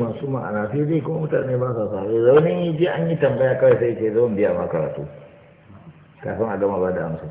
masu ma'ana sai dai kuma mutane ba sa sare zaunin yi ji an yi tambaya kawai sai ce zo biya ma karatu kafin a gama ba da amsa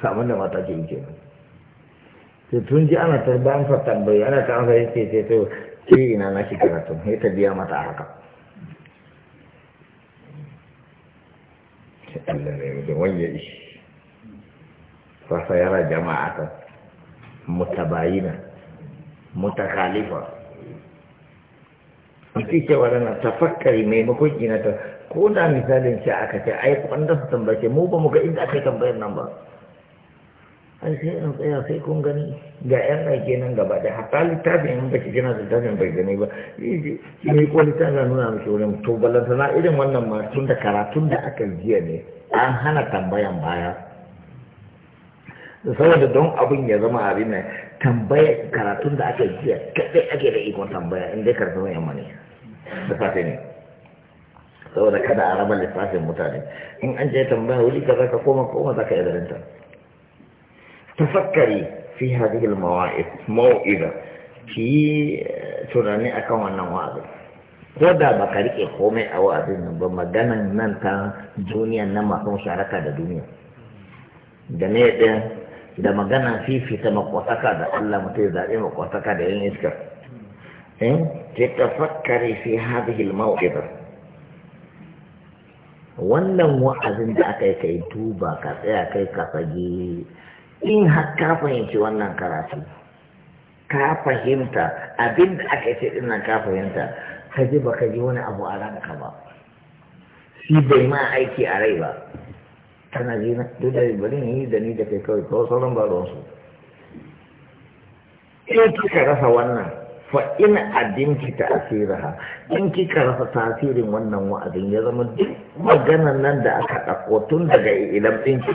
samun da mata ke yake ta, tun ji ana ba amsa tambayi ana ta amsa yake ce to kiri ina na shi karatu ya ta biya mata a haka Allah ne da wanda ishi yara jama'a ta mutabayina mutakalifa Mafi cewa na tafakkari maimakon ina ta ko da misalin ce aka ce ai wanda su tambace mu ba mu ga inda aka tambayar nan ba. Ai sai in tsaya sai kun gani ga yan aiki nan gaba da hatta littafi in baki gina littafin bai gani ba. shi ne ko littafin nuna mishi wurin to balanta na irin wannan ma tun da karatun da aka jiya ne an hana tambayan baya. da Saboda don abin ya zama abin nan tambaya karatun da aka jiya kaɗai ake da ikon tambaya in dai karatun yamma ne da safe ne saboda kada a raba lissafin mutane in an je tambaya wuri ka zaka koma koma zaka yi darinta tafakkari fi hadihi mawaid ki eh, tunani akan wannan wa'azi ko da ba ka rike komai a wa'azin nan ba maganan nan ta duniya na masu sharaka da duniya da ne ɗaya da magana fifita makwataka da Allah mutum ya zaɓe makwataka da yin iskar eh? in ta tafakkare fi hadhihi al-mawqif wannan wa'azin da aka yi kai duba ka tsaya kai ka fage in har ka fahimci wannan karatu ka fahimta abin da aka ce din nan ka fahimta ka ji ba ka ji wani abu a ranka ba shi bai ma aiki a rai ba tana ji na duk da bari ni da ni da kai kawai kawai sauran ba ruwansu in kika rasa wannan fa in addinki ta ha in kika rasa tasirin wannan wa'azin ya zama duk maganar nan da aka ɗauko tun daga ilam ɗinki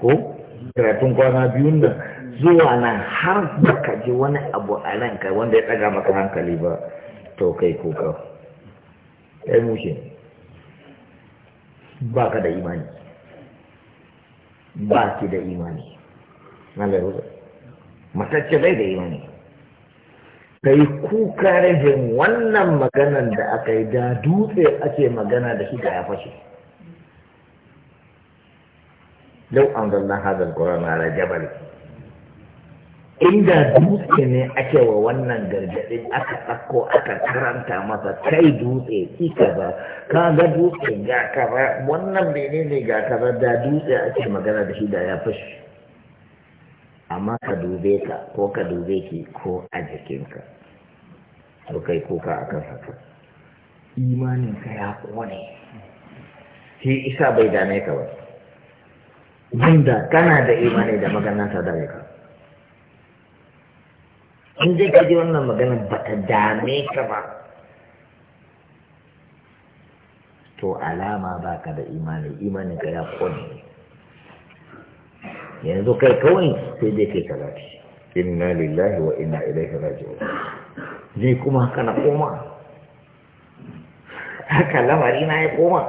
ko karatun kwana biyun nan zuwa nan har baka ji wani abu a ranka wanda ya ɗaga maka hankali ba to kai kuka kai eh, mushe ba ka da imani ba ki da imani Allah ya matacce bai da imani kai kuka rajin wannan maganan da aka yi da dutse ake magana da shi da ya fashe lau an zanna hadal ƙoran ala jabal inda dutse ne ake wa wannan gargaɗin aka ɗauko aka karanta masa kai dutse ki kaza ka ga dutse ga kaza wannan bene ne ga kaza da dutse ake magana da shi da ya fashi amma ka dube ka ko ka dube ki ko a jikinka to kai kuka kan haka imaninka ya kone shi isa bai dame ka ba da kana da imani da maganar ta dame ka in dai ka ji wannan maganar ba ta dame ka ba to alama ba ka da imani imani ka ya kone yanzu kai kawai sai dai kai talati inna lillahi wa inna ilaihi raji'un ni kuma haka na koma haka lamari na ya koma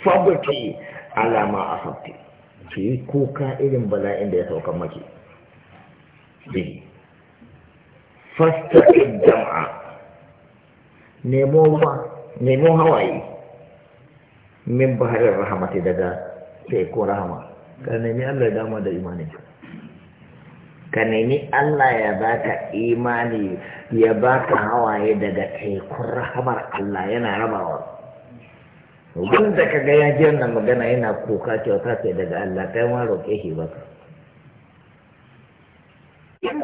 sabbaci alama a sabti ki kuka irin bala'in da ya saukan maki in jama'a. nemo ruwa nemo hawaye min baharin rahamati daga ko rahama ka nemi Allah ya dama da imanin ka nemi Allah ya baka imani ya baka hawaye daga tekun rahamar Allah yana rabawa wanda ka ga ya ji wannan magana yana kuka kyauta ce daga Allah kai ma roƙe shi baka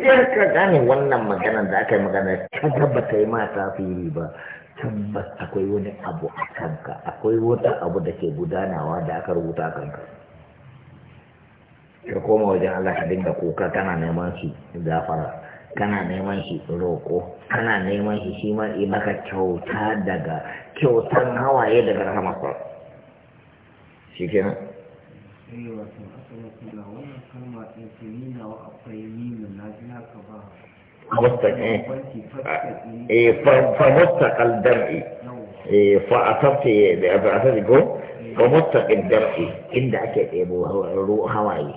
ɗaya ka gane wannan maganar da aka yi magana ta tabbata yi mata fili ba tabbas akwai wani abu a kanka akwai wata abu da ke gudanawa da aka rubuta kanka ka koma wajen Allah ka dinga kuka kana neman shi gafara kana neman shi roko kana neman shi shi ma yi maka kyauta daga kyautan hawaye daga rahama shi kenan kaiwa sun asali kula wannan kalma ɗin su nina eh. ah, eh, eh, inda ake ɗebo hawaye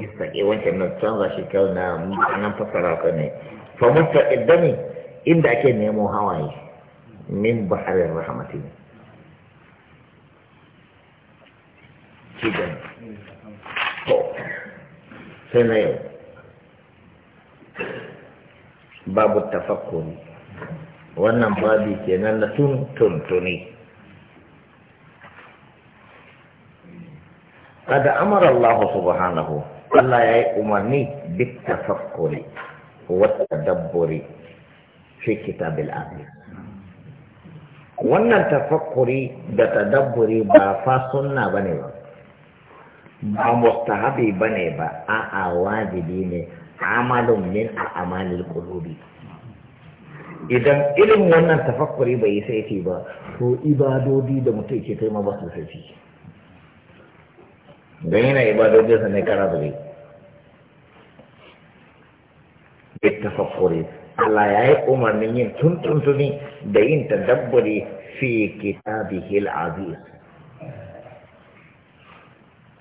istaƙe wancan nan canza na mutanen fasara ka ne fa mustaqal dar'i inda ake nemo hawaye min baharin rahmatin shi to sai na yau babu tafakkuri wannan babi kenan na tun tuntuni kada amara Allah subhanahu Allah ya yi umarni duk tafakkuri wata dabburi fi kitabil aziz wannan tafakkuri da tadabburi ba fa sunna ne ba ba mustahabi bane ba a'a wajibi ne amalun min al'amalil qulubi idan irin wannan tafakkuri bai yi saifi ba to ibadodi da mutum ke kai ma ba su saifi don yana ibadodi sa ne kara zuri tafakkuri Allah ya yi umarnin yin tuntuntuni da yin tadabburi fi kitabihil aziz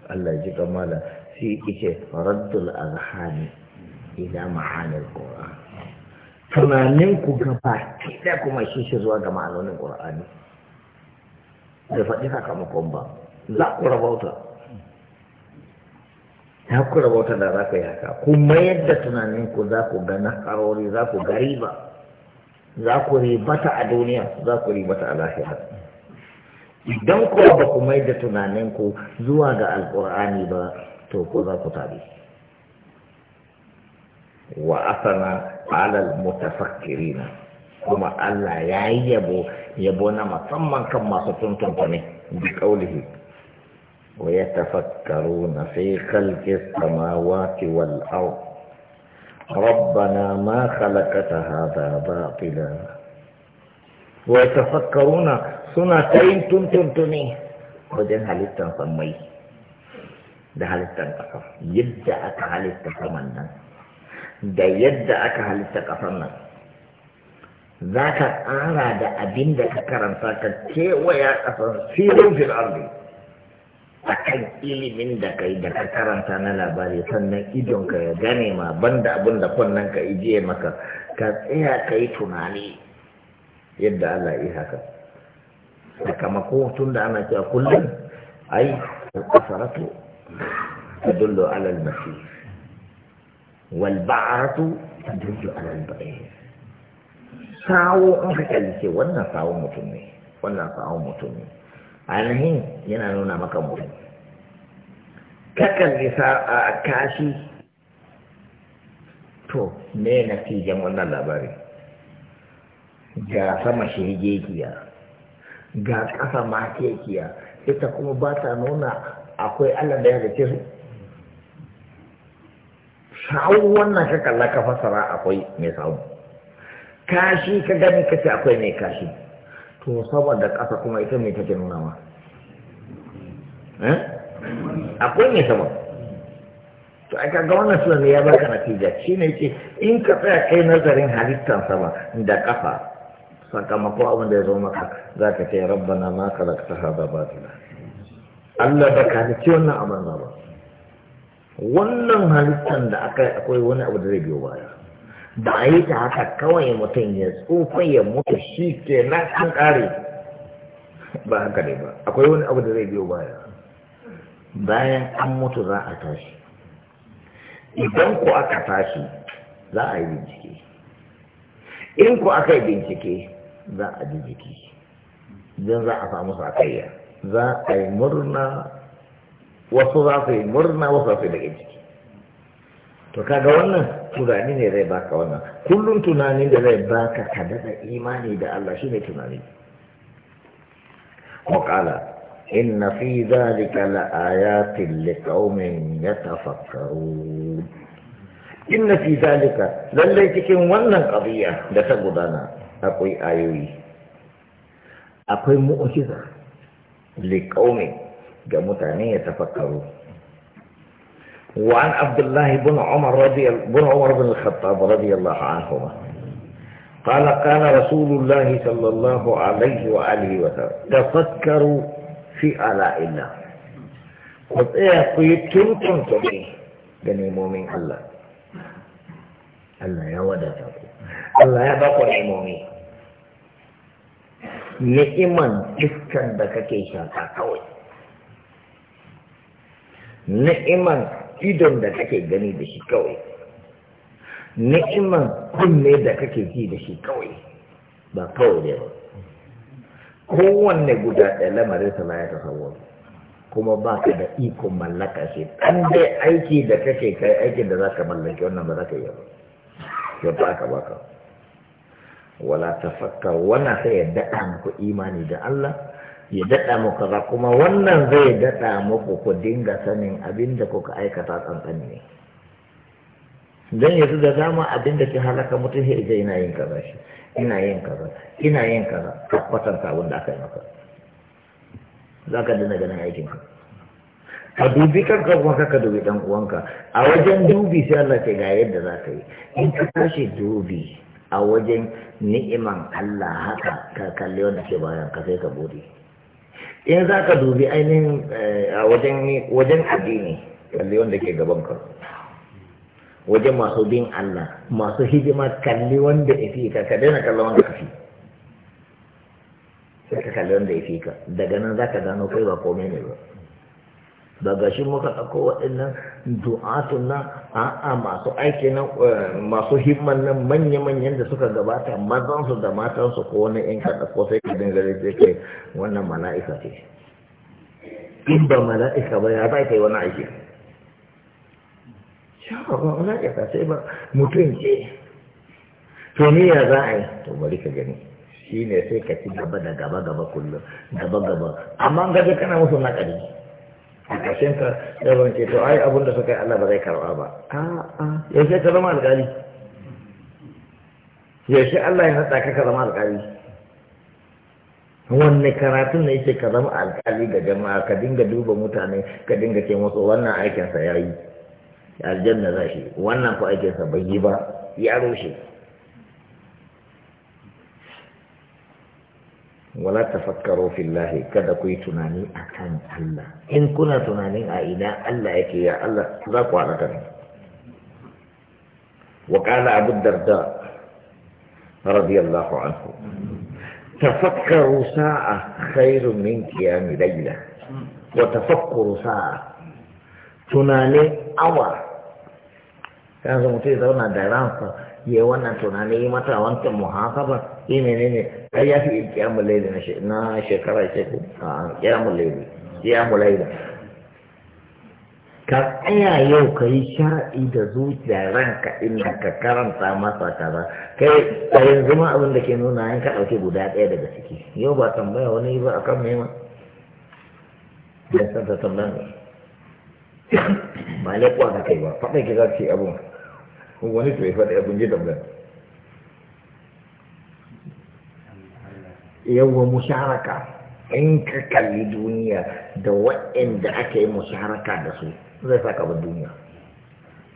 Allah ji kamala shi ike raddul arhani ila ma'anil qur'an tunanin ku gaba kida kuma shi shi zuwa ga ma'anonin qur'ani da faɗi makon ba za ku rabauta ya ku rabauta da za ka yi haka kuma yadda tunanin ku za ku ga karori za ku gariba za ku ribata a duniya za ku ribata a lahira idan ku ba ku mai da tunanin ku zuwa ga alkur'ani ba to ku za ku tabi wa asana alal mutafakkirina kuma Allah ya yi yabo yabo na musamman kan masu tuntunta ne bi kaulihi wa yatafakkaruna fi khalqis samawati wal ard ربنا ما خلقت هذا باطلا ويتفكرون suna ta yin tuntuntuni wajen halittar sammai da halittar kafa yadda aka halitta saman nan da yadda aka halitta ƙasar nan za ka ƙara da abin da ka karanta ka kewaya ƙasar filin fir'arri a kan ilimin da kai da ka karanta na labari sannan idonka ya gane ma banda abin da kunnen ka ijiye maka ka tsaya ka yi tunani yadda Allah yi haka da kama tun da ana cewa kullum ai asaratu ta dullo alal masir wal ba'atu ta dullo alal ba'ir sawo an ka ce wannan sawo mutum ne wannan sawo mutum ne ainihin yana nuna maka mutum kalli sa, a kashi to me natijan wannan labari ga sama shi hijejiya ga ƙasa ma kekiya ita kuma ba ta nuna akwai Allah da ya gace su sawun wannan ka kalla ka fasara akwai mai sawun kashi ka gani ka ce akwai mai kashi to saboda ƙasa kuma ita mai take nuna ma eh? akwai mai sama? to aka kaga wannan sunan ya baka natija shine yake in ka tsaya kai nazarin halittan sama da kafa sakamako abin da ya zo maka za ka ce rabbana ma kalakta hada batila Allah da ka halicci wannan abin za ba wannan halittar da aka akwai wani abu da zai biyo baya ba a yi ta haka kawai mutum ya tsufa ya mutu shi ke na an ƙare ba haka ne ba akwai wani abu da zai biyo baya bayan an mutu za a tashi idan ku aka tashi za a yi bincike in ku aka yi bincike za a ji jiki don za a samu sakayya za a yi murna wasu za su yi murna wasu za su yi daga jiki to kaga wannan tunani ne zai baka wannan kullum tunani da zai baka ka da imani da Allah shine tunani fi zalika la ayatin li qaumin yatafakkarun inna fi zalika lallai cikin wannan qadiya da ta gudana. akwai ayoyi akwai mu'jiza liqaumin ga mutane ya tafakkaru وعن عبد الله بن عمر رضي بن عمر بن الخطاب رضي الله عنهما قال قال رسول الله صلى الله عليه وآله وسلم تفكروا في آلاء الله وتأخذ كنتم تبيه بني مؤمن الله الله يا ودتك الله يا بقى المؤمن ni'iman iskan da kake shaka kawai ni'iman idon da kake gani da shi kawai ni'iman kunne da kake ji da shi kawai ba kawai ne ba kowanne guda ɗaya lamarin sa ya tasawwur kuma ba ka da ikon mallaka shi ɗan dai aiki da kake kai aikin da za ka mallaki wannan ba za ka yi ba yadda aka baka wala tafakkar wannan sai ya daɗa muku imani da Allah ya daɗa muku kaza kuma wannan zai daɗa muku ku dinga sanin abin da kuka aikata tsantsan ne don yanzu da dama abin da ke halaka mutum sai ita ina yin kaza shi ina yin kaza ina yin kaza ka kwatanta abin da aka yi maka za ka dina ganin aikin ka ka dubi ka kuma ka dubi dan uwanka a wajen dubi sai Allah ke ga yadda za ka yi in ka tashi dubi a wajen ni'iman Allah haka ka kalli wanda ke bayan ka sai ka bude in za ka dubi ainihin eh, a wajen addini kalli wanda ke gaban ka wajen masu bin Allah masu hidima kalli wanda ya fi ka ka daina kalli wanda ka fi sai ka kalli wanda ya fi ka daga nan za ka gano kai ba komai ne ba ba ga shi muka ɗauko waɗannan du'atun nan a'a masu aiki na eh, masu himman nan manya-manyan da suka gabata mazansu da matansu ko wani in kaɗa ko sai kadin gare ce kai wannan mala'ika ce in ba mala'ika ba ya za ka yi wani aiki ya ba mala'ika sai ba mutum ce to ni ya za a yi to bari ka gani shi ne sai ka ci gaba da gaba-gaba kullum gaba-gaba amma ga kana musu na naƙari a ƙarshen ka yawan ce to ai abinda suka yi Allah ba zai karɓa ba a'a yaushe ka zama alƙali yaushe Allah ya haɗa ka ka zama alƙali wanne karatun ne yake ka zama alƙali ga jama'a ka dinga duba mutane ka dinga ce musu wannan aikinsa ya yi aljanna za shi wannan ko aikinsa bai yi ba ya rushe wala tafakkaro fillahi kada ku yi tunani akan Allah in kuna tunanin a ina Allah yake ya Allah za ku halaka ne wa qala abu darda radiyallahu anhu tafakkaru sa'a khairun min qiyam layla wa tafakkaru sa'a tunanin awa yanzu mutum zauna da ransa ya wannan tunani mata wancan muhasaba shi ne ne kai ya fi kiyamun laili na shekara ce ko a kiyamun laili kiyamun laili ka tsaya yau ka yi shara'i da zuciya ranka inda ka karanta masa kaza kai a yanzu ma abin da ke nuna yin ka ɗauke guda ɗaya daga ciki yau ba tambaya wani ba a kan nema ya san ta tambaya ba ba ne kuwa ka kai ba faɗa ki za ki abun wani to ya faɗa abun ji tambaya yawa musharaka in ka kalli duniya da waɗanda aka yi musharaka da su zai saka ba duniya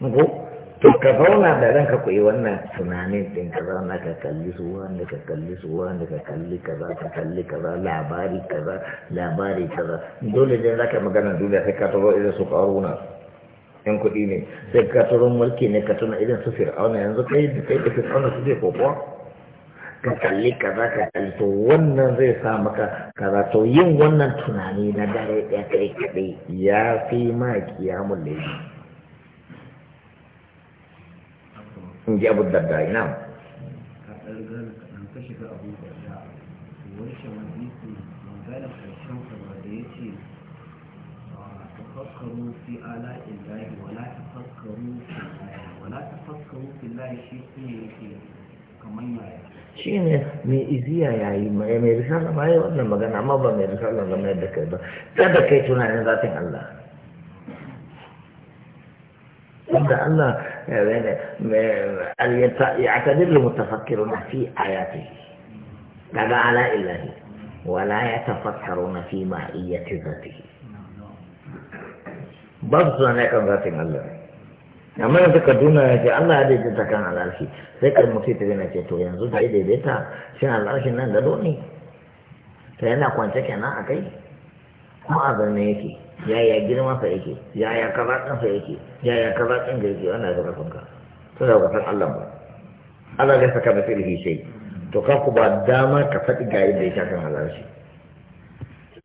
ko to ka zauna da ranka ku yi wannan tunanin din ka zauna ka kalli su wanda ka kalli su wanda ka kalli kaza ka kalli kaza labari kaza labari kaza dole dai zaka magana duniya sai ka taro irin su karuna yan kuɗi ne sai ka taro mulki ne ka tuna irin su fir'auna yanzu kai da kai da fir'auna su zai kokowa ka kalli kaza ka kalli to wannan zai sa maka kaza to yin wannan tunani na dare ɗaya kai kaɗai ya fi ma kiyamun laifi in ji abu da dare na تفكروا في آلاء الله ولا تفكروا في الله ولا تفكروا في الله شيء shi ne mai iziya ya yi mai risala ma yi wannan magana amma ba mai risala ga mai da kai ba kada kai tunanin zafin Allah wanda Allah ya akadir da mutafakkiru na fi ayati daga ala ilahi wala ya tafakkaru na fi ma'iyyati zati ba tunanin kan zatin Allah ne amma yanzu kaduna ya ce allah ya daidaita kan al'arshi sai kan mutu ta yana ce to yanzu da ya daidaita shi al'arshin nan gado ne ta yana kwance kenan a kai kuma a zanne yake yaya girma sa yake yaya kaza ɗin sa yake yaya kaza ɗin da yake wannan da kafin ka to da kusan allah ba allah ya saka da filhi sai to ka ku ba dama ka faɗi ga yadda ya sha kan al'arshi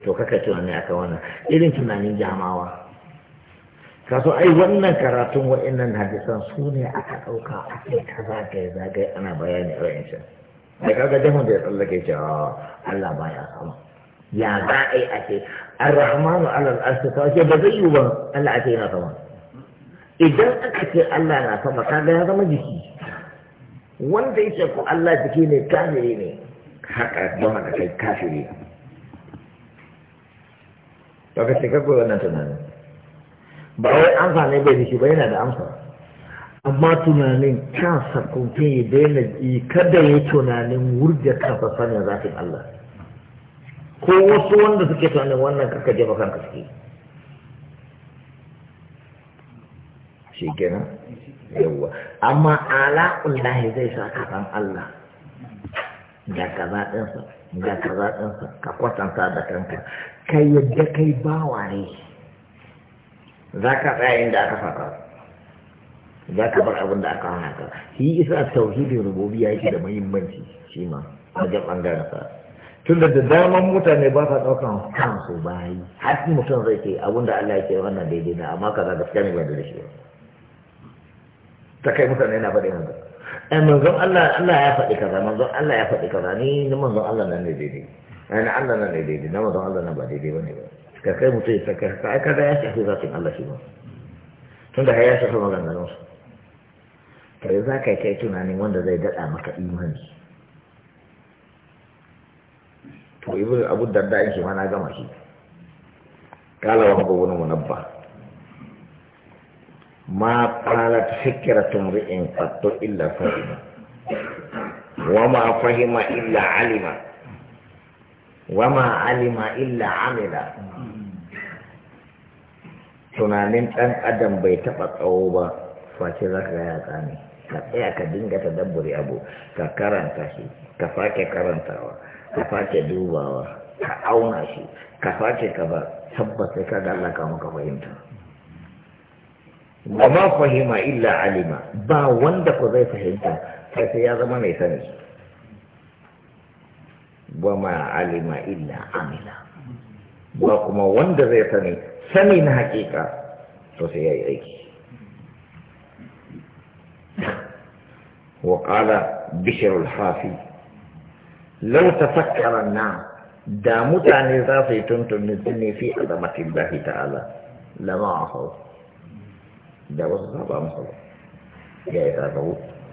to kaka ce wannan aka wannan irin tunanin jamawa Ka so ai wannan karatun wa'annan hadisan su ne aka ɗauka a kai ta zagaye zagaye ana bayani a shi da kaga jahon da ya ke ce ah, Allah ba ya sama ya za a yi a ce arrahmanu alal arshi ta ce ba zai yi ba Allah a ce yana sama idan aka ce Allah na sama kaga ya zama jiki wanda ya ce ko Allah jiki ne kafiri ne haka don haka kai kafiri ne. Lokacin kakwai wannan tunanin. ba wai amsa ne bai da shi ba yana da amsa amma tunanin kansa kumfin yi daina ji kada ya tunanin wurge kansa sanin zafin Allah ko wasu wanda suke tunanin wannan kaka jefa kanka suke shi kenan yawwa amma ala kullahi zai sa kafan Allah da kaza ɗinsa da kaza ɗinsa ka kwatanta da kanka kai yadda kai bawa ne za ka tsaya inda aka faɗa za ka bar abin da aka hana ka shi isa tauhidin rububiyya yake da muhimmanci shi ma ga bangaren sa tun da daman mutane ba sa ɗaukan kansu bayi har mutum zai ce abin da Allah yake wannan daidai na amma kaza gaskiya ne ba da shi ta kai mutane na faɗi haka ai eh, manzo Allah Allah ya faɗi kaza manzo Allah ya faɗi kaza ni na manzon Allah nan ne daidai ai eh, na Allah nan ne daidai na manzo Allah nan ba daidai bane ba ka kai mutum ya saka ka aka da ya shafi zafin Allah shi ba tun da ya shafi maganganun su kai za ka kai tunanin wanda zai daɗa maka imani to ibn abu darda in shi ma na gama shi kala wa wani munabba ma fikira fikratu mri'in qattu illa fahima wa ma fahima illa alima Wa ma alima illa عمل tunanin ɗan adam bai taɓa tsawo ba face za ka ya tsani ka tsaya ka dinga ta dabbure abu ka karanta shi ka sake karantawa ka sake dubawa ka auna shi ka sake ka ba tabbata ka ga Allah ka maka fahimta ba ma fahima illa alima ba wanda ku zai fahimta sai sai ya zama mai sani ba ma alima illa amila ba kuma wanda zai sani سمين حقيقة hakika to وقال بشر الحافي لو تفكر الناس داموت عن ذاتي تنتم نزلني في عظمة الله تعالى لما عصوا دا وصفها بأمصر يا إذا